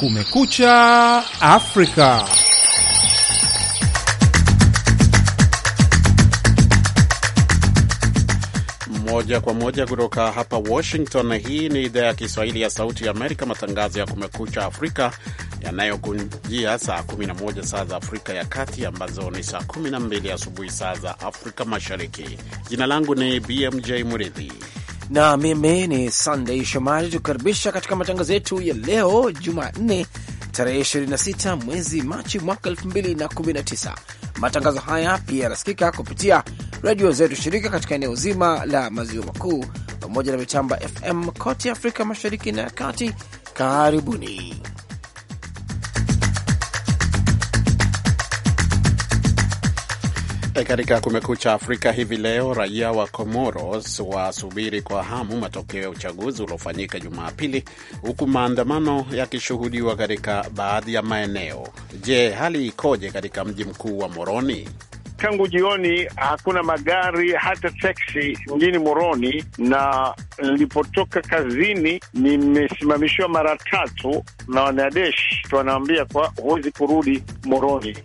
Kumekucha Afrika. Moja kwa moja kutoka hapa Washington. Hii ni idhaa ya Kiswahili ya Sauti ya Amerika, matangazo ya Kumekucha Afrika yanayokunjia saa 11 saa za Afrika ya Kati, ambazo ni saa 12 asubuhi saa za Afrika Mashariki. Jina langu ni BMJ Muridhi na mimi ni Sunday Shomari, tukukaribisha katika matangazo yetu ya leo Jumanne tarehe 26 mwezi Machi mwaka 2019. Matangazo haya pia yanasikika kupitia redio zetu shirika katika eneo zima la maziwa makuu pamoja na mitamba FM kote Afrika mashariki na ya kati. Karibuni. Katika Kumekucha Afrika hivi leo, raia wa Comoros wasubiri kwa hamu matokeo ya uchaguzi uliofanyika Jumapili, huku maandamano yakishuhudiwa katika baadhi ya maeneo. Je, hali ikoje katika mji mkuu wa Moroni? Tangu jioni hakuna magari hata teksi mjini Moroni, na nilipotoka kazini nimesimamishiwa mara tatu na wanadeshi, wanaambia kwa huwezi kurudi Moroni.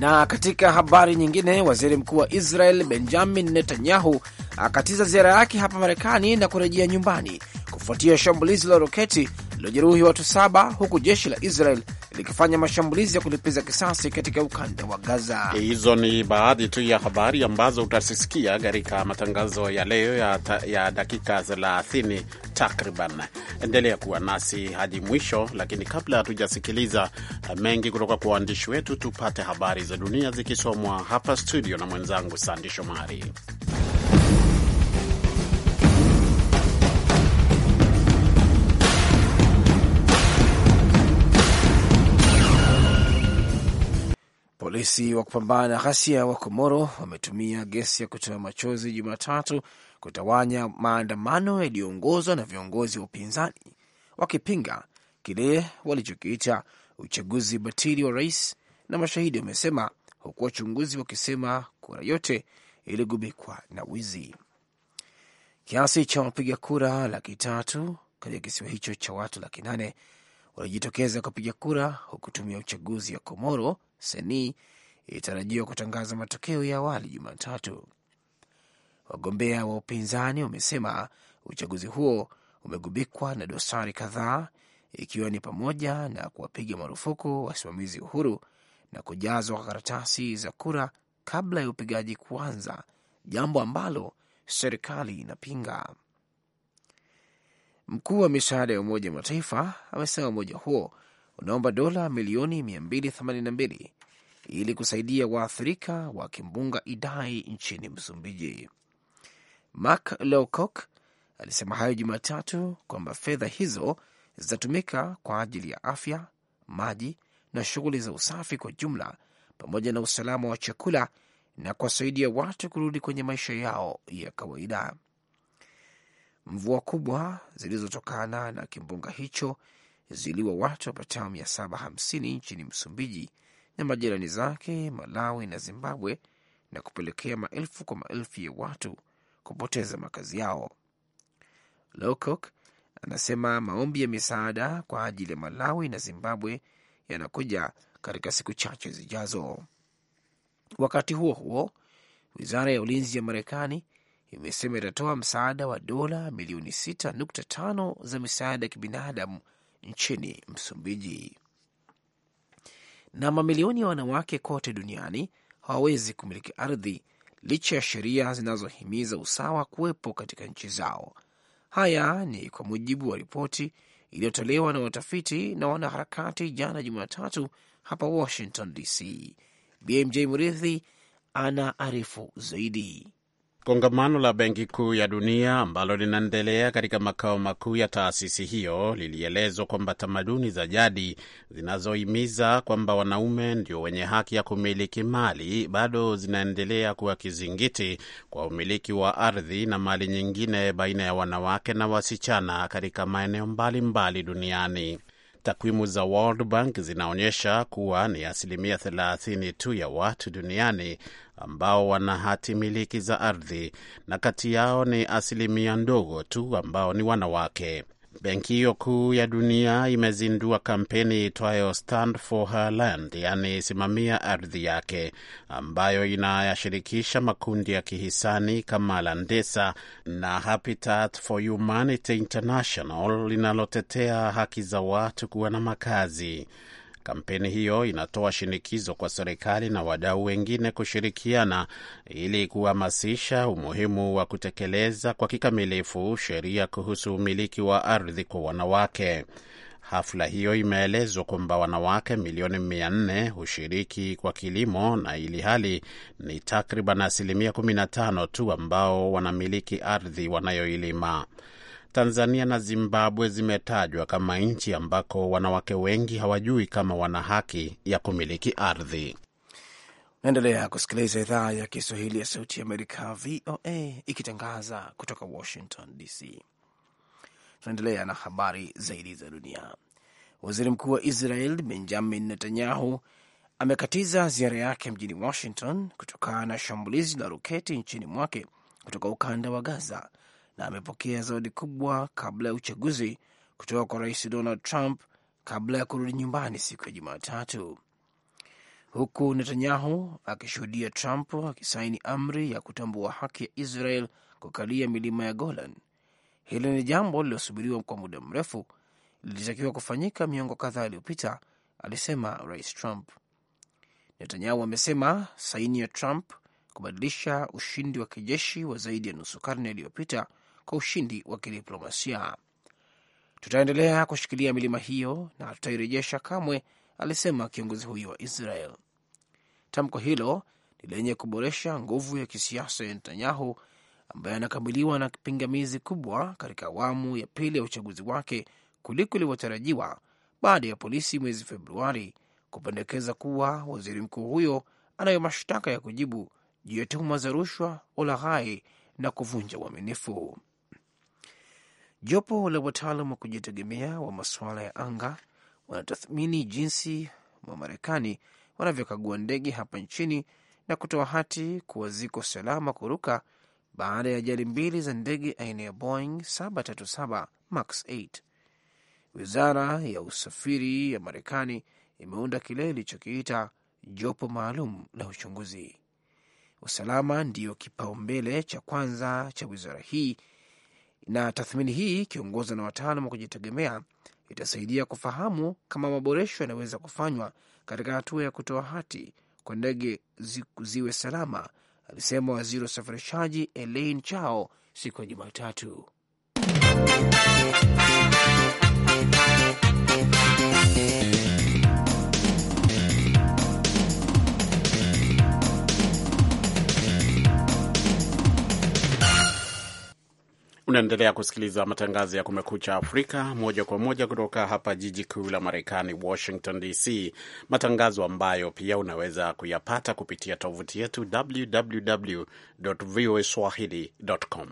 Na katika habari nyingine, waziri mkuu wa Israel Benjamin Netanyahu akatiza ziara yake hapa Marekani na kurejea nyumbani kufuatia shambulizi la roketi lililojeruhi watu saba huku jeshi la Israel likifanya mashambulizi ya kulipiza kisasi katika ukanda wa Gaza. Hizo ni baadhi tu ya habari ambazo utasisikia katika matangazo ya leo ya, ya dakika 30 takriban. Endelea kuwa nasi hadi mwisho, lakini kabla hatujasikiliza mengi kutoka kwa waandishi wetu, tupate habari za dunia zikisomwa hapa studio na mwenzangu Sandi Shomari. Polisi wa kupambana na ghasia wa Komoro wametumia gesi ya kutoa machozi Jumatatu kutawanya maandamano yaliyoongozwa na viongozi wa upinzani wakipinga kile walichokiita uchaguzi batili wa rais, na mashahidi wamesema, huku wachunguzi wakisema kura yote iligubikwa na wizi. Kiasi cha wapiga kura laki tatu katika kisiwa hicho cha watu laki nane walijitokeza kupiga kura, huku uchaguzi ya Komoro Seni ilitarajiwa kutangaza matokeo ya awali Jumatatu. Wagombea wa upinzani wamesema uchaguzi huo umegubikwa na dosari kadhaa, ikiwa ni pamoja na kuwapiga marufuku wasimamizi uhuru na kujazwa kwa karatasi za kura kabla ya upigaji kuanza, jambo ambalo serikali inapinga. Mkuu wa misaada ya Umoja wa Mataifa amesema umoja huo unaomba dola milioni 282 ili kusaidia waathirika wa kimbunga Idai nchini Msumbiji. Mark Lowcock alisema hayo Jumatatu kwamba fedha hizo zitatumika kwa ajili ya afya, maji na shughuli za usafi kwa jumla, pamoja na usalama wa chakula na kuwasaidia watu kurudi kwenye maisha yao ya kawaida. Mvua kubwa zilizotokana na kimbunga hicho ziliwa watu wapatao 750 nchini Msumbiji na majirani zake Malawi na Zimbabwe na kupelekea maelfu kwa maelfu ya watu kupoteza makazi yao. Lowcock anasema maombi ya misaada kwa ajili ya Malawi na Zimbabwe yanakuja katika siku chache zijazo. Wakati huo huo, wizara ya ulinzi ya Marekani imesema itatoa msaada wa dola milioni 6.5 za misaada ya kibinadamu nchini Msumbiji. Na mamilioni ya wanawake kote duniani hawawezi kumiliki ardhi licha ya sheria zinazohimiza usawa kuwepo katika nchi zao. Haya ni kwa mujibu wa ripoti iliyotolewa na watafiti na wanaharakati jana Jumatatu hapa Washington DC. BMJ Murithi ana arifu zaidi. Kongamano la Benki Kuu ya Dunia ambalo linaendelea katika makao makuu ya taasisi hiyo lilielezwa kwamba tamaduni za jadi zinazohimiza kwamba wanaume ndio wenye haki ya kumiliki mali bado zinaendelea kuwa kizingiti kwa umiliki wa ardhi na mali nyingine baina ya wanawake na wasichana katika maeneo mbalimbali duniani. Takwimu za World Bank zinaonyesha kuwa ni asilimia 30 tu ya watu duniani ambao wana hati miliki za ardhi, na kati yao ni asilimia ndogo tu ambao ni wanawake. Benki hiyo kuu ya dunia imezindua kampeni itwayo Stand for Her Land, yaani simamia ardhi yake, ambayo inayashirikisha makundi ya kihisani kama Landesa na Habitat for Humanity International linalotetea haki za watu kuwa na makazi. Kampeni hiyo inatoa shinikizo kwa serikali na wadau wengine kushirikiana ili kuhamasisha umuhimu wa kutekeleza kwa kikamilifu sheria kuhusu umiliki wa ardhi kwa wanawake. Hafla hiyo imeelezwa kwamba wanawake milioni mia nne hushiriki kwa kilimo na ili hali ni takriban asilimia tano tu ambao wanamiliki ardhi wanayoilima. Tanzania na Zimbabwe zimetajwa kama nchi ambako wanawake wengi hawajui kama wana haki ya kumiliki ardhi. Naendelea kusikiliza idhaa ya Kiswahili ya Sauti ya Amerika, VOA, ikitangaza kutoka Washington DC. Tunaendelea na habari zaidi za dunia. Waziri Mkuu wa Israel Benjamin Netanyahu amekatiza ziara yake mjini Washington kutokana na shambulizi la roketi nchini mwake kutoka ukanda wa Gaza na amepokea zawadi kubwa kabla ya uchaguzi kutoka kwa rais Donald Trump kabla ya kurudi nyumbani siku ya Jumatatu, huku Netanyahu akishuhudia Trump akisaini amri ya kutambua haki ya Israel kukalia milima ya Golan. hili ni jambo lililosubiriwa kwa muda mrefu, lilitakiwa kufanyika miongo kadhaa iliyopita, alisema rais Trump. Netanyahu amesema saini ya Trump kubadilisha ushindi wa kijeshi wa zaidi ya nusu karne iliyopita kwa ushindi wa kidiplomasia. Tutaendelea kushikilia milima hiyo na tutairejesha kamwe, alisema kiongozi huyo wa Israel. Tamko hilo ni lenye kuboresha nguvu ya kisiasa ya Netanyahu ambaye anakabiliwa na pingamizi kubwa katika awamu ya pili ya uchaguzi wake kuliko ilivyotarajiwa baada ya polisi mwezi Februari kupendekeza kuwa waziri mkuu huyo anayo mashtaka ya kujibu juu ya tuhuma za rushwa, ulaghai na kuvunja uaminifu. Jopo la wataalam wa kujitegemea wa masuala ya anga wanatathmini jinsi Wamarekani wanavyokagua ndege hapa nchini na kutoa hati kuwa ziko salama kuruka baada ya ajali mbili za ndege aina ya Boeing 737 Max 8. Wizara ya usafiri ya Marekani imeunda kile ilichokiita jopo maalum la uchunguzi. Usalama ndiyo kipaumbele cha kwanza cha wizara hii na tathmini hii ikiongozwa na wataalam wa kujitegemea itasaidia kufahamu kama maboresho yanaweza kufanywa katika hatua ya kutoa hati kwa ndege zi, ziwe salama, alisema waziri wa usafirishaji Elaine Chao siku ya Jumatatu. Unaendelea kusikiliza matangazo ya Kumekucha Afrika moja kwa moja kutoka hapa jiji kuu la Marekani, Washington DC, matangazo ambayo pia unaweza kuyapata kupitia tovuti yetu www voa swahili com.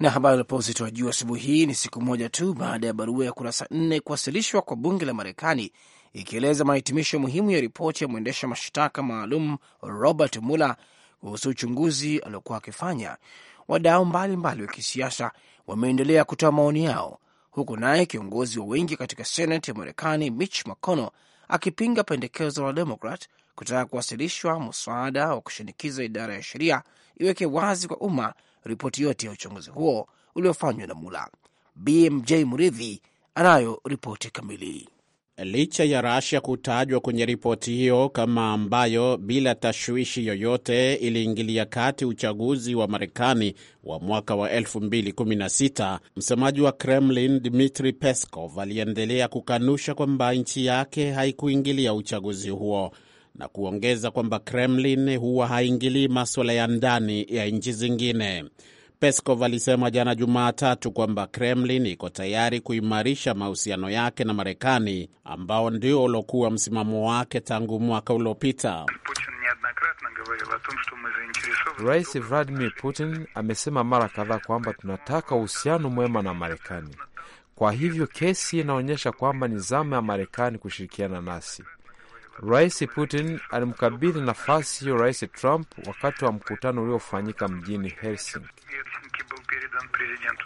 Na habari alipewa uzito wa juu asubuhi hii ni siku moja tu baada ya barua ya kurasa nne kuwasilishwa kwa bunge la Marekani ikieleza mahitimisho muhimu ya ripoti ya mwendesha mashtaka maalum Robert Mueller kuhusu uchunguzi aliokuwa akifanya, wadau mbalimbali wa kisiasa wameendelea kutoa maoni yao, huku naye kiongozi wa wengi katika senati ya Marekani Mitch McConnell akipinga pendekezo la Demokrat kutaka kuwasilishwa mswada wa kushinikiza idara ya sheria iweke wazi kwa umma ripoti yote ya uchunguzi huo uliofanywa na Mula. BMJ Muridhi anayo ripoti kamili. Licha ya Russia kutajwa kwenye ripoti hiyo kama ambayo bila tashwishi yoyote iliingilia kati uchaguzi wa Marekani wa mwaka wa 2016, msemaji wa Kremlin dmitri Peskov aliendelea kukanusha kwamba nchi yake haikuingilia uchaguzi huo na kuongeza kwamba Kremlin huwa haingilii maswala ya ndani ya nchi zingine. Peskov alisema jana Jumatatu kwamba Kremlin iko tayari kuimarisha mahusiano yake na Marekani, ambao ndio uliokuwa msimamo wake tangu mwaka uliopita. Rais Vladimir Putin amesema mara kadhaa kwamba tunataka uhusiano mwema na Marekani. Kwa hivyo kesi inaonyesha kwamba ni zama ya Marekani kushirikiana nasi. Rais Putin alimkabidhi nafasi hiyo Rais Trump wakati wa mkutano uliofanyika mjini Helsinki. Helsinki передан президенту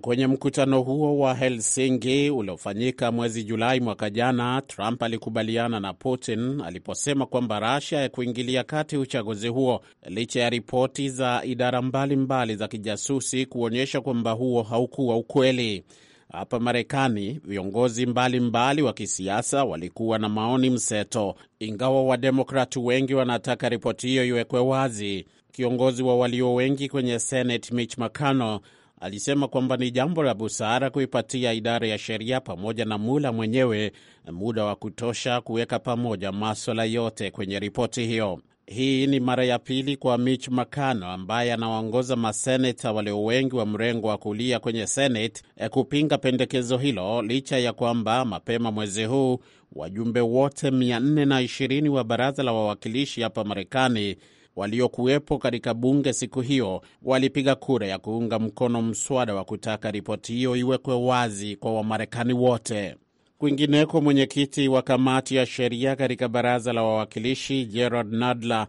Kwenye mkutano huo wa Helsinki uliofanyika mwezi Julai mwaka jana, Trump alikubaliana na Putin aliposema kwamba Russia ya kuingilia kati uchaguzi huo licha ya ripoti za idara mbalimbali mbali za kijasusi kuonyesha kwamba huo haukuwa ukweli. Hapa Marekani viongozi mbalimbali wa kisiasa walikuwa na maoni mseto, ingawa wademokrati wengi wanataka ripoti hiyo iwekwe wazi. Kiongozi wa walio wengi kwenye Senate Mitch McConnell alisema kwamba ni jambo la busara kuipatia idara ya sheria pamoja na mula mwenyewe muda wa kutosha kuweka pamoja maswala yote kwenye ripoti hiyo. Hii ni mara ya pili kwa Mitch McConnell ambaye anawaongoza maseneta walio wengi wa mrengo wa kulia kwenye Senate eh, kupinga pendekezo hilo licha ya kwamba mapema mwezi huu wajumbe wote 420 wa baraza la wawakilishi hapa Marekani waliokuwepo katika bunge siku hiyo walipiga kura ya kuunga mkono mswada wa kutaka ripoti hiyo iwekwe wazi kwa Wamarekani wote. Kwingineko, mwenyekiti wa kamati ya sheria katika baraza la wawakilishi Gerald Nadler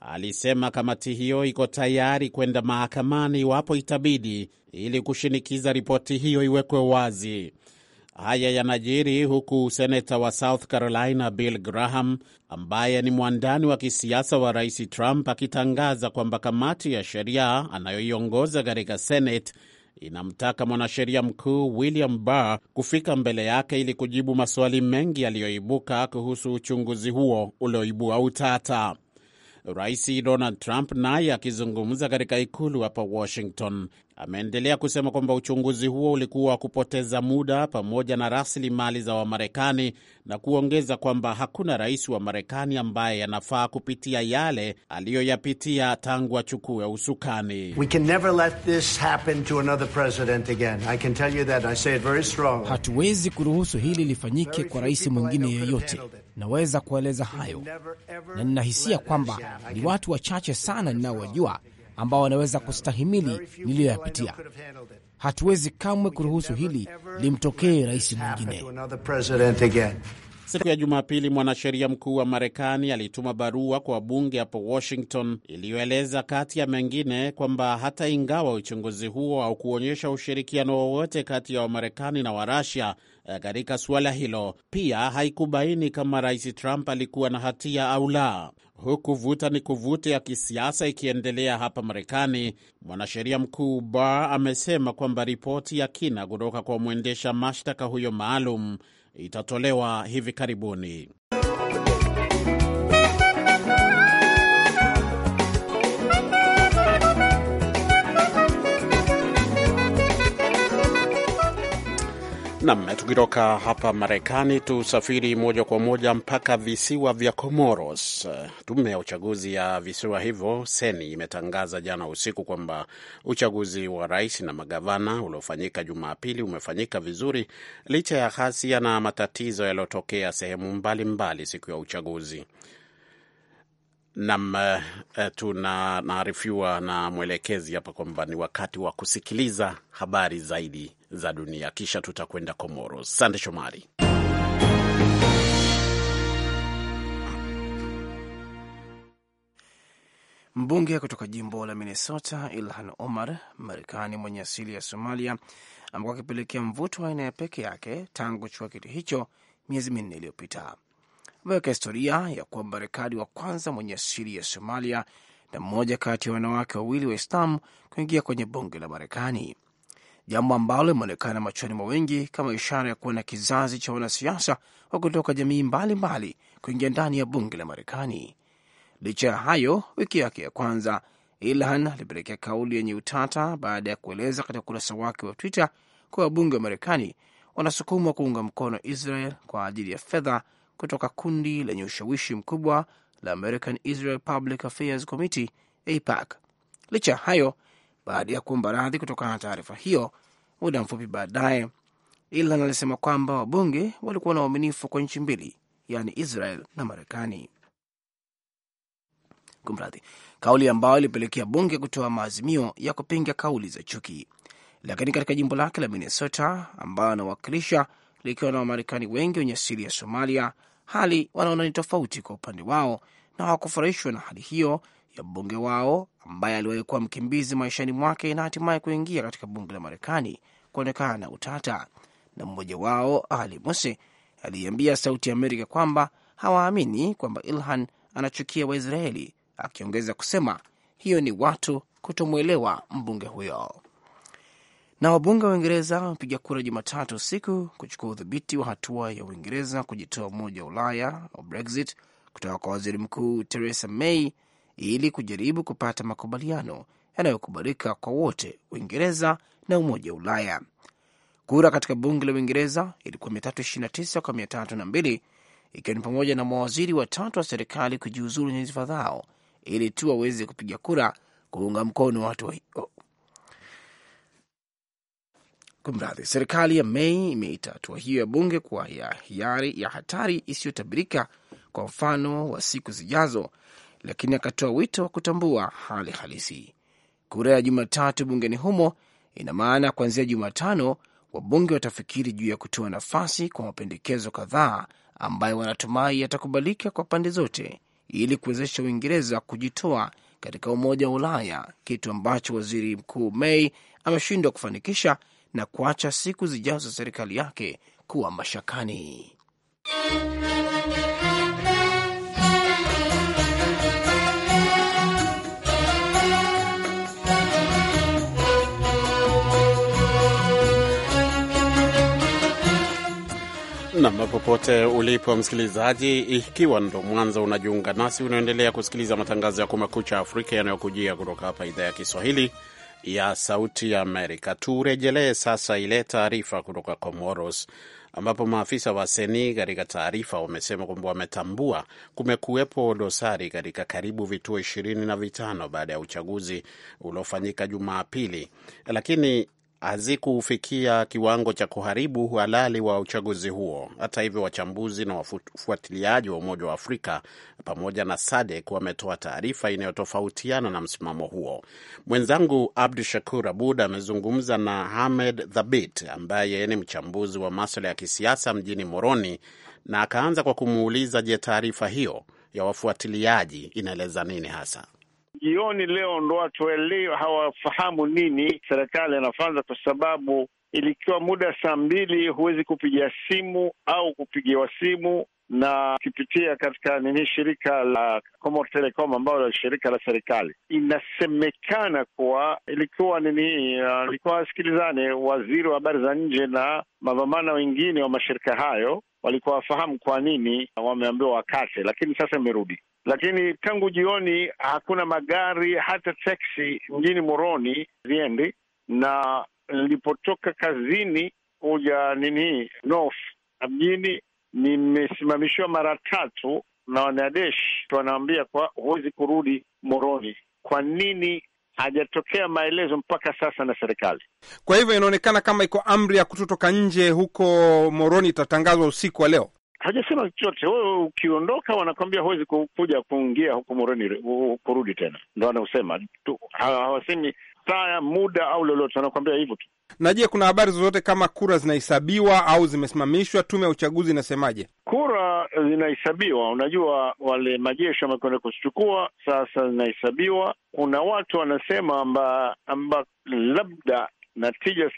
alisema kamati hiyo iko tayari kwenda mahakamani iwapo itabidi ili kushinikiza ripoti hiyo iwekwe wazi. Haya yanajiri huku seneta wa South Carolina Bill Graham ambaye ni mwandani wa kisiasa wa rais Trump akitangaza kwamba kamati ya sheria anayoiongoza katika Senate inamtaka mwanasheria mkuu William Barr kufika mbele yake ili kujibu maswali mengi yaliyoibuka kuhusu uchunguzi huo ulioibua utata. Rais Donald Trump naye akizungumza katika ikulu hapa Washington Ameendelea kusema kwamba uchunguzi huo ulikuwa wa kupoteza muda pamoja na rasilimali za Wamarekani na kuongeza kwamba hakuna rais wa Marekani ambaye anafaa kupitia yale aliyoyapitia tangu achukue usukani. Hatuwezi kuruhusu hili lifanyike kwa rais mwingine yeyote. Naweza kueleza hayo, na ninahisia kwamba ni watu wachache sana ninaowajua ambao wanaweza kustahimili niliyoyapitia. Hatuwezi kamwe kuruhusu hili limtokee rais mwingine. Siku ya Jumapili, mwanasheria mkuu wa Marekani alituma barua kwa bunge hapo Washington iliyoeleza kati ya mengine kwamba hata ingawa uchunguzi huo haukuonyesha ushirikiano wowote kati ya Wamarekani na Warasia, Eh, katika suala hilo. Pia haikubaini kama Rais Trump alikuwa na hatia au la. Huku vuta ni kuvute ya kisiasa ikiendelea hapa Marekani, mwanasheria mkuu Barr amesema kwamba ripoti ya kina kutoka kwa mwendesha mashtaka huyo maalum itatolewa hivi karibuni. Nam, tukitoka hapa Marekani tusafiri moja kwa moja mpaka visiwa vya Comoros. Tume ya uchaguzi ya visiwa hivyo Seni imetangaza jana usiku kwamba uchaguzi wa rais na magavana uliofanyika Jumapili umefanyika vizuri licha ya ghasia na matatizo yaliyotokea sehemu mbalimbali mbali siku ya uchaguzi. Nam, eh, tunaarifiwa na mwelekezi hapa kwamba ni wakati wa kusikiliza habari zaidi za dunia, kisha tutakwenda Komoro. Sande Shomari. Mbunge kutoka jimbo la Minnesota Ilhan Omar, Marekani mwenye asili ya Somalia, amekuwa akipelekea mvuto wa aina ya peke yake tangu chua kiti hicho miezi minne iliyopita ameweka historia ya kuwa Mmarekani wa kwanza mwenye asili ya Somalia na mmoja kati ya wanawake wawili wa islam kuingia kwenye bunge la Marekani, jambo ambalo limeonekana machoni mwa wengi kama ishara ya kuwa na kizazi cha wanasiasa wa kutoka jamii mbalimbali kuingia ndani ya bunge la Marekani. Licha ya hayo, wiki yake ya kwanza Ilhan alipelekea kauli yenye utata baada ya kueleza katika ukurasa wake wa Twitter kuwa wabunge wa Marekani wanasukumwa kuunga mkono Israel kwa ajili ya fedha kutoka kundi lenye ushawishi mkubwa la American Israel Public Affairs Committee, AIPAC. Licha ya hayo, baada ya kuomba radhi kutokana na taarifa hiyo, muda mfupi baadaye Ilan alisema kwamba wabunge walikuwa na uaminifu kwa nchi mbili, yaani Israel na Marekani. Kumradhi, kauli ambayo ilipelekea bunge kutoa maazimio ya kupinga kauli za chuki. Lakini katika jimbo lake la Minnesota ambayo anawakilisha likiwa na Wamarekani wengi wenye asili ya Somalia, hali wanaona ni tofauti kwa upande wao na hawakufurahishwa na hali hiyo ya mbunge wao ambaye aliwahi kuwa mkimbizi maishani mwake na hatimaye kuingia katika bunge la Marekani kuonekana na utata. Na mmoja wao Ali Muse aliiambia Sauti ya Amerika kwamba hawaamini kwamba Ilhan anachukia Waisraeli, akiongeza kusema hiyo ni watu kutomwelewa mbunge huyo. Na wabunge wa Uingereza wamepiga kura Jumatatu usiku kuchukua udhibiti wa hatua ya Uingereza kujitoa Umoja wa Ulaya au Brexit kutoka kwa waziri mkuu Theresa May ili kujaribu kupata makubaliano yanayokubalika kwa wote Uingereza na Umoja wa Ulaya. Kura katika bunge la Uingereza ilikuwa 329 kwa 302 ikiwa ni pamoja na mawaziri watatu wa serikali kujiuzulu nyadhifa zao ili tu waweze kupiga kura kuunga mkono hatua hiyo. Kumradhi, serikali ya Mei imeita hatua hiyo ya bunge kuwa ya hiari ya hatari isiyotabirika kwa mfano wa siku zijazo, lakini akatoa wito wa kutambua hali halisi. Kura ya Jumatatu bungeni humo ina maana kuanzia Jumatano wabunge watafikiri juu ya kutoa nafasi kwa mapendekezo kadhaa ambayo wanatumai yatakubalika kwa pande zote ili kuwezesha Uingereza kujitoa katika Umoja wa Ulaya, kitu ambacho waziri mkuu May ameshindwa kufanikisha na kuacha siku zijazo za serikali yake kuwa mashakani. Nam, popote ulipo msikilizaji, ikiwa ndo mwanzo unajiunga nasi, unaendelea kusikiliza matangazo ya Kumekucha Afrika yanayokujia kutoka hapa idhaa ya Kiswahili ya Sauti ya Amerika. Turejelee sasa ile taarifa kutoka Comoros ambapo maafisa wa seni katika taarifa wamesema kwamba wametambua kumekuwepo dosari katika karibu vituo ishirini na vitano baada ya uchaguzi uliofanyika Jumapili, lakini hazikufikia kiwango cha kuharibu uhalali wa uchaguzi huo. Hata hivyo, wachambuzi na wafuatiliaji wa Umoja wa Afrika pamoja na SADC wametoa taarifa inayotofautiana na msimamo huo. Mwenzangu Abdu Shakur Abud amezungumza na Hamed Thabit ambaye ni mchambuzi wa maswala ya kisiasa mjini Moroni, na akaanza kwa kumuuliza, je, taarifa hiyo ya wafuatiliaji inaeleza nini hasa? jioni leo ndo watu leo hawafahamu nini serikali anafanza kwa sababu ilikiwa muda saa mbili huwezi kupigia simu au kupigiwa simu na ukipitia katika nini shirika la Comor Telecom ambayo ni shirika la serikali, inasemekana kuwa ilikuwa nini, uh, ilikuwa uh, wasikilizane waziri wa habari za nje na mavamana wengine wa mashirika hayo walikuwa wafahamu kwa nini wameambiwa wakate, lakini sasa imerudi lakini tangu jioni hakuna magari hata teksi mjini Moroni ziendi, na nilipotoka kazini kuja nini north mjini nimesimamishiwa mara tatu na wanadesh, wanaambia kwa huwezi kurudi Moroni. Kwa nini? Hajatokea maelezo mpaka sasa na serikali. Kwa hivyo inaonekana kama iko amri ya kutotoka nje huko Moroni, itatangazwa usiku wa leo hajasema chochote. Wewe ukiondoka, wanakwambia huwezi kuja kuingia huku mureni kurudi tena, ndo anaosema tu, hawasemi saa, muda au lolote, wanakwambia hivyo tu. Na je, kuna habari zozote kama kura zinahesabiwa au zimesimamishwa? Tume ya uchaguzi inasemaje? Kura zinahesabiwa, unajua wale majeshi wamekwenda kuzichukua, sasa zinahesabiwa. Kuna watu wanasema amba, amba labda na tija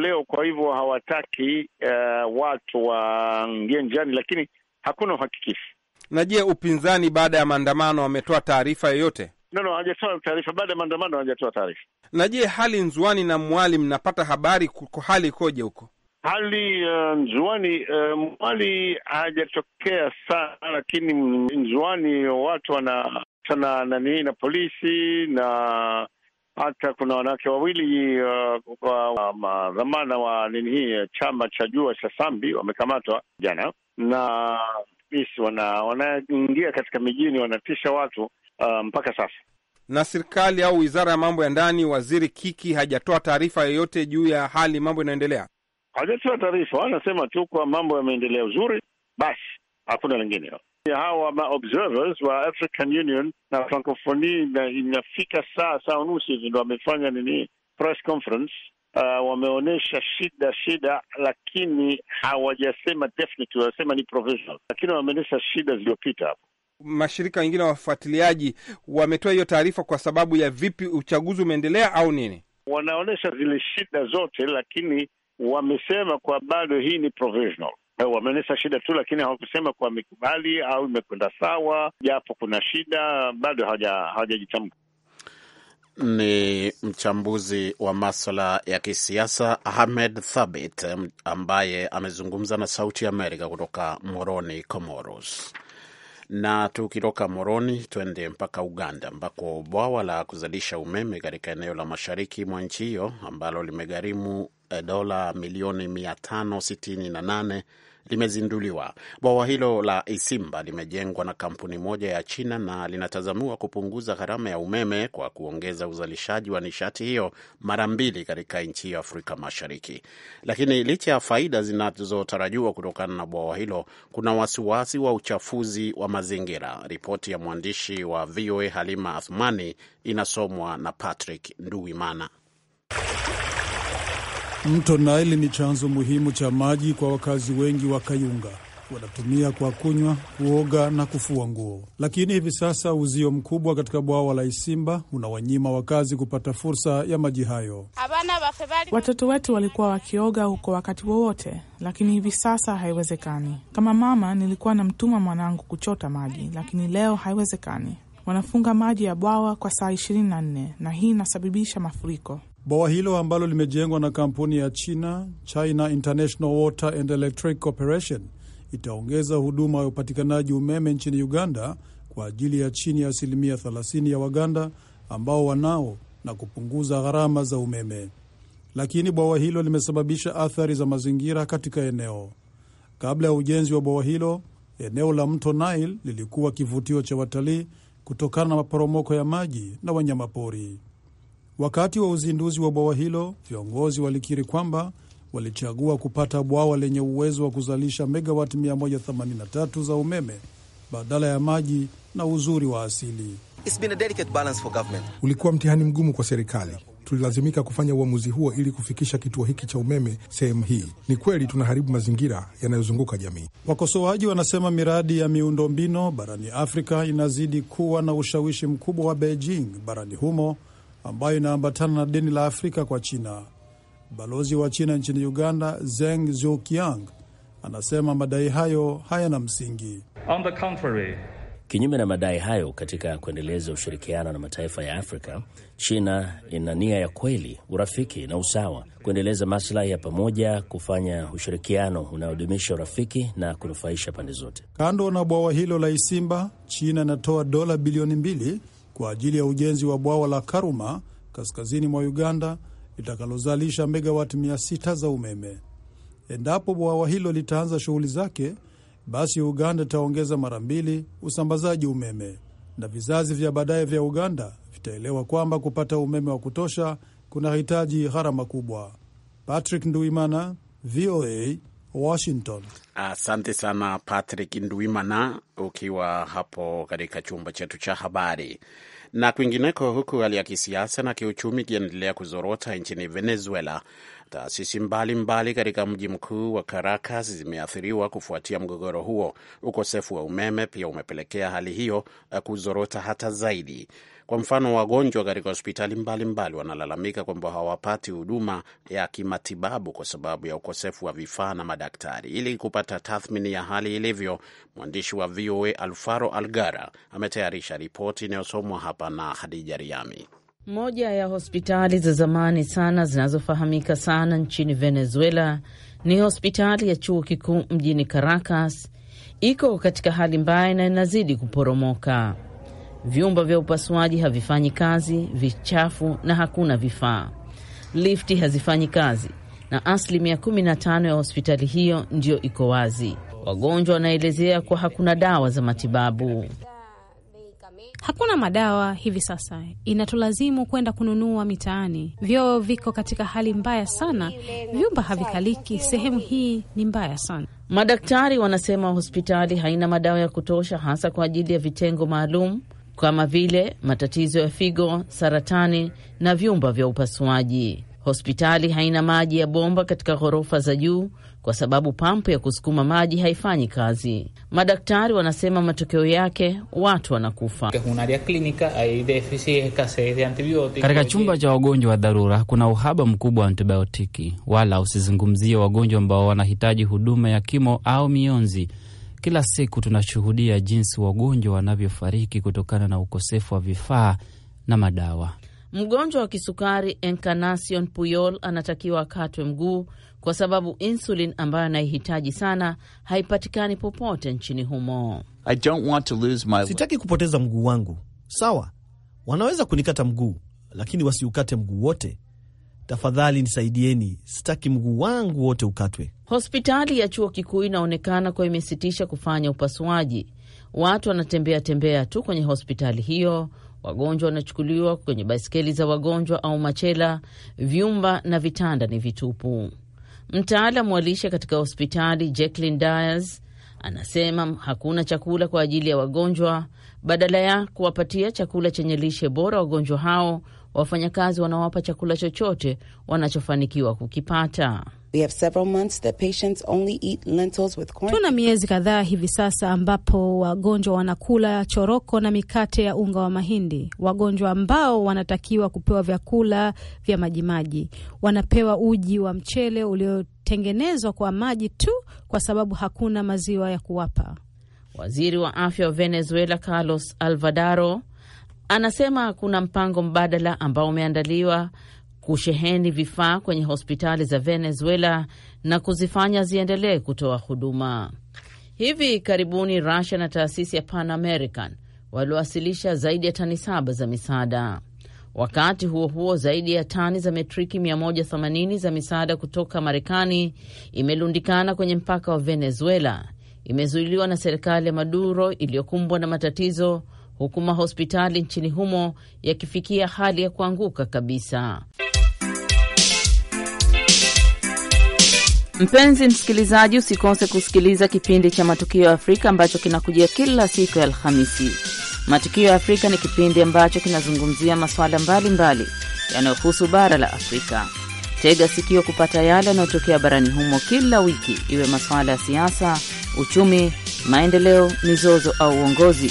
leo. Kwa hivyo hawataki uh, watu waingie njiani, lakini hakuna uhakikifu Na je, upinzani baada ya maandamano wametoa taarifa yoyote? No, no, hajatoa taarifa baada ya maandamano, hajatoa taarifa. Na je, hali Nzuani na Mwali, mnapata habari kuko, hali ikoje huko? Hali uh, Nzuani uh, Mwali hajatokea sana, lakini Nzuani watu wana sana nanii na polisi na hata kuna wanawake wawili uh, dhamana wa nini hii chama cha jua cha Sambi wamekamatwa jana na polisi, wanaingia wana katika mijini wanatisha watu uh, mpaka sasa. Na serikali au wizara ya mambo ya ndani, waziri Kiki hajatoa taarifa yoyote juu ya hali mambo inaendelea, hajatoa taarifa, anasema tu kwa mambo yameendelea uzuri, basi hakuna lingine. Hawa ma observers wa African Union na Francophonie na inafika saa saa unusu hivi ndo wamefanya nini press conference. Uh, wameonyesha shida shida, lakini hawajasema definitely, wanasema ni provisional, lakini wameonyesha shida zilizopita hapo. Mashirika wengine wafuatiliaji wametoa hiyo taarifa kwa sababu ya vipi uchaguzi umeendelea au nini, wanaonyesha zile shida zote, lakini wamesema kwa bado hii ni provisional. Eh, wameonyesha shida tu, lakini hawakusema kuwa amekubali au imekwenda sawa, japo kuna shida bado hawajajitamka. Ni mchambuzi wa maswala ya kisiasa Ahmed Thabit ambaye amezungumza na Sauti Amerika kutoka Moroni, Comoros. Na tukitoka Moroni twende mpaka Uganda, ambako bwawa la kuzalisha umeme katika eneo la mashariki mwa nchi hiyo ambalo limegharimu eh, dola milioni 568 limezinduliwa. Bwawa hilo la Isimba limejengwa na kampuni moja ya China na linatazamiwa kupunguza gharama ya umeme kwa kuongeza uzalishaji wa nishati hiyo mara mbili katika nchi hiyo Afrika Mashariki. Lakini licha ya faida zinazotarajiwa kutokana na bwawa hilo, kuna wasiwasi wa uchafuzi wa mazingira. Ripoti ya mwandishi wa VOA Halima Athmani inasomwa na Patrick Nduwimana. Mto Nile ni chanzo muhimu cha maji kwa wakazi wengi wa Kayunga. Wanatumia kwa kunywa, kuoga na kufua nguo. Lakini hivi sasa uzio mkubwa katika bwawa la Isimba unawanyima wakazi kupata fursa ya maji hayo. Watoto wetu walikuwa wakioga huko wakati wowote, lakini hivi sasa haiwezekani. Kama mama, nilikuwa namtuma mwanangu kuchota maji, lakini leo haiwezekani. Wanafunga maji ya bwawa kwa saa nne na hii inasababisha mafuriko. Bwawa hilo ambalo limejengwa na kampuni ya China China International Water and Electric Corporation itaongeza huduma ya upatikanaji umeme nchini Uganda kwa ajili ya chini ya asilimia 30 ya Waganda ambao wanao na kupunguza gharama za umeme. Lakini bwawa hilo limesababisha athari za mazingira katika eneo. Kabla ya ujenzi wa bwawa hilo, eneo la mto Nile lilikuwa kivutio cha watalii kutokana na maporomoko ya maji na wanyamapori. Wakati wa uzinduzi wa bwawa hilo, viongozi walikiri kwamba walichagua kupata bwawa lenye uwezo wa kuzalisha megawati 183 za umeme badala ya maji na uzuri wa asili. It's been a delicate balance for government. Ulikuwa mtihani mgumu kwa serikali. Tulilazimika kufanya uamuzi huo ili kufikisha kituo hiki cha umeme sehemu hii. Ni kweli tunaharibu mazingira yanayozunguka jamii. Wakosoaji wanasema miradi ya miundombinu barani Afrika inazidi kuwa na ushawishi mkubwa wa Beijing barani humo ambayo inaambatana na deni la Afrika kwa China. Balozi wa China nchini Uganda, Zeng Zoukiang, anasema madai hayo hayana msingi. On the contrary, kinyume na madai hayo, katika kuendeleza ushirikiano na mataifa ya Afrika, China ina nia ya kweli, urafiki na usawa, kuendeleza maslahi ya pamoja, kufanya ushirikiano unaodumisha urafiki na kunufaisha pande zote. Kando na bwawa hilo la Isimba, China inatoa dola bilioni mbili kwa ajili ya ujenzi wa bwawa la Karuma kaskazini mwa Uganda litakalozalisha megawati 600 za umeme. Endapo bwawa hilo litaanza shughuli zake, basi Uganda itaongeza mara mbili usambazaji umeme, na vizazi vya baadaye vya Uganda vitaelewa kwamba kupata umeme wa kutosha kuna hitaji gharama kubwa. Patrick Nduimana, VOA, Washington. Asante sana Patrick Ndwimana, ukiwa hapo katika chumba chetu cha habari. Na kwingineko, huku hali ya kisiasa na kiuchumi ikiendelea kuzorota nchini Venezuela, taasisi mbalimbali katika mji mkuu wa Caracas zimeathiriwa kufuatia mgogoro huo. Ukosefu wa umeme pia umepelekea hali hiyo eh, kuzorota hata zaidi. Kwa mfano, wagonjwa katika hospitali mbalimbali wanalalamika kwamba hawapati huduma ya kimatibabu kwa sababu ya ukosefu wa vifaa na madaktari. Ili kupata tathmini ya hali ilivyo, mwandishi wa VOA Alfaro Algara ametayarisha ripoti inayosomwa hapa na Hadija Riami. Moja ya hospitali za zamani sana zinazofahamika sana nchini Venezuela ni hospitali ya chuo kikuu mjini Caracas. Iko katika hali mbaya na inazidi kuporomoka vyumba vya upasuaji havifanyi kazi, vichafu na hakuna vifaa, lifti hazifanyi kazi na asilimia 15 ya hospitali hiyo ndiyo iko wazi. Wagonjwa wanaelezea kuwa hakuna dawa za matibabu. Hakuna madawa hivi sasa, inatulazimu kwenda kununua mitaani. Vyoo viko katika hali mbaya sana, vyumba havikaliki. Sehemu hii ni mbaya sana. Madaktari wanasema hospitali haina madawa ya kutosha, hasa kwa ajili ya vitengo maalum kama vile matatizo ya figo, saratani na vyumba vya upasuaji. Hospitali haina maji ya bomba katika ghorofa za juu kwa sababu pampu ya kusukuma maji haifanyi kazi. Madaktari wanasema matokeo yake watu wanakufa. Katika chumba cha wagonjwa wa dharura kuna uhaba mkubwa wa antibiotiki, wala usizungumzie wagonjwa ambao wanahitaji huduma ya kimo au mionzi. Kila siku tunashuhudia jinsi wagonjwa wanavyofariki kutokana na ukosefu wa vifaa na madawa. Mgonjwa wa kisukari Encarnacion Puyol anatakiwa akatwe mguu kwa sababu insulin ambayo anaihitaji sana haipatikani popote nchini humo. I don't want to lose my... sitaki kupoteza mguu wangu. Sawa, wanaweza kunikata mguu, lakini wasiukate mguu wote. Tafadhali nisaidieni, sitaki mguu wangu wote ukatwe. Hospitali ya chuo kikuu inaonekana kuwa imesitisha kufanya upasuaji. Watu wanatembea tembea tu kwenye hospitali hiyo. Wagonjwa wanachukuliwa kwenye baiskeli za wagonjwa au machela. Vyumba na vitanda ni vitupu. Mtaalamu wa lishe katika hospitali Jacqueline Dyers anasema hakuna chakula kwa ajili ya wagonjwa. Badala ya kuwapatia chakula chenye lishe bora wagonjwa hao wafanyakazi wanawapa chakula chochote wanachofanikiwa kukipata. Tuna miezi kadhaa hivi sasa ambapo wagonjwa wanakula choroko na mikate ya unga wa mahindi. Wagonjwa ambao wanatakiwa kupewa vyakula vya majimaji wanapewa uji wa mchele uliotengenezwa kwa maji tu, kwa sababu hakuna maziwa ya kuwapa. Waziri wa afya wa Venezuela Carlos Alvadaro Anasema kuna mpango mbadala ambao umeandaliwa kusheheni vifaa kwenye hospitali za Venezuela na kuzifanya ziendelee kutoa huduma. Hivi karibuni Russia na taasisi ya Pan American waliwasilisha zaidi ya tani saba za misaada. Wakati huo huo, zaidi ya tani za metriki 180 za misaada kutoka Marekani imelundikana kwenye mpaka wa Venezuela, imezuiliwa na serikali ya Maduro iliyokumbwa na matatizo huku mahospitali nchini humo yakifikia hali ya kuanguka kabisa. Mpenzi msikilizaji, usikose kusikiliza kipindi cha Matukio ya Afrika ambacho kinakujia kila siku ya Alhamisi. Matukio ya Afrika ni kipindi ambacho kinazungumzia masuala mbalimbali yanayohusu bara la Afrika. Tega sikio kupata yale yanayotokea barani humo kila wiki, iwe masuala ya siasa, uchumi, maendeleo, mizozo au uongozi.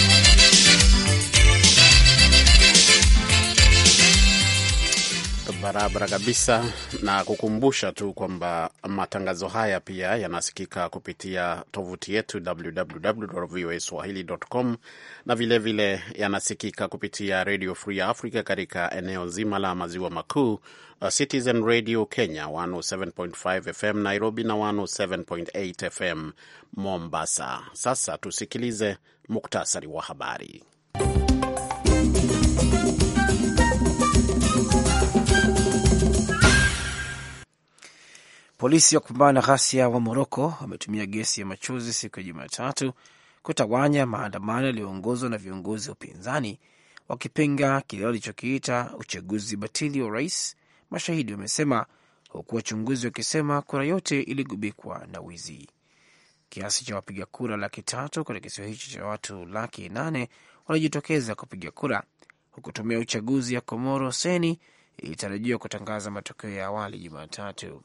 barabara kabisa, na kukumbusha tu kwamba matangazo haya pia yanasikika kupitia tovuti yetu swahilicom na vilevile yanasikika kupitia Radio Free Africa katika eneo zima la maziwa makuu, uh, Citizen Radio Kenya 107.5 FM Nairobi na 107.8 FM Mombasa. Sasa tusikilize muktasari wa habari Polisi wa kupambana na ghasia wa Moroko wametumia gesi ya machozi siku ya Jumatatu kutawanya maandamano yaliyoongozwa na viongozi wa upinzani wakipinga kile walichokiita uchaguzi batili wa rais, mashahidi wamesema, huku wachunguzi wakisema kura yote iligubikwa na wizi. Kiasi cha wapiga kura laki tatu katika kisiwa hicho cha watu laki nane waliojitokeza kupiga kura, huku tume ya uchaguzi ya Komoro Seni ilitarajiwa kutangaza matokeo ya awali Jumatatu.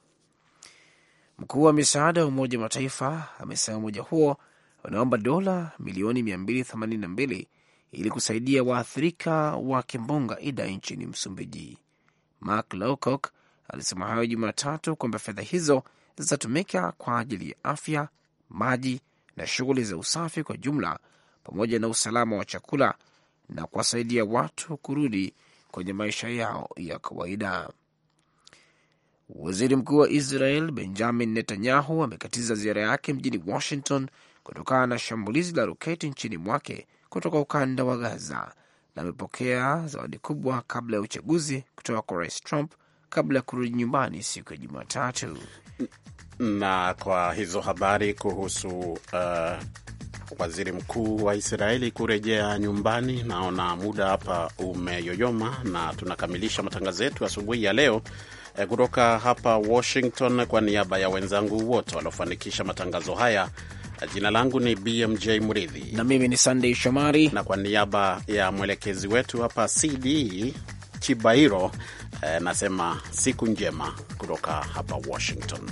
Mkuu wa misaada wa Umoja wa Mataifa amesema umoja huo unaomba dola milioni 282 ili kusaidia waathirika wa kimbunga Ida nchini Msumbiji. Mark Lowcock alisema hayo Jumatatu kwamba fedha hizo zitatumika kwa ajili ya afya, maji na shughuli za usafi kwa jumla, pamoja na usalama wa chakula na kuwasaidia watu kurudi kwenye maisha yao ya kawaida. Waziri mkuu wa Israel Benjamin Netanyahu amekatiza ziara yake mjini Washington kutokana na shambulizi la roketi nchini mwake kutoka ukanda wa Gaza na amepokea zawadi kubwa kabla ya uchaguzi kutoka kwa Rais Trump kabla ya kurudi nyumbani siku ya Jumatatu. Na kwa hizo habari kuhusu uh, waziri mkuu wa Israeli kurejea nyumbani, naona muda hapa umeyoyoma na tunakamilisha matangazo yetu asubuhi ya leo. Kutoka hapa Washington, kwa niaba ya wenzangu wote waliofanikisha matangazo haya, jina langu ni BMJ Mridhi na mimi ni Sandey Shomari, na kwa niaba ya mwelekezi wetu hapa CD Chibairo, eh, nasema siku njema kutoka hapa Washington.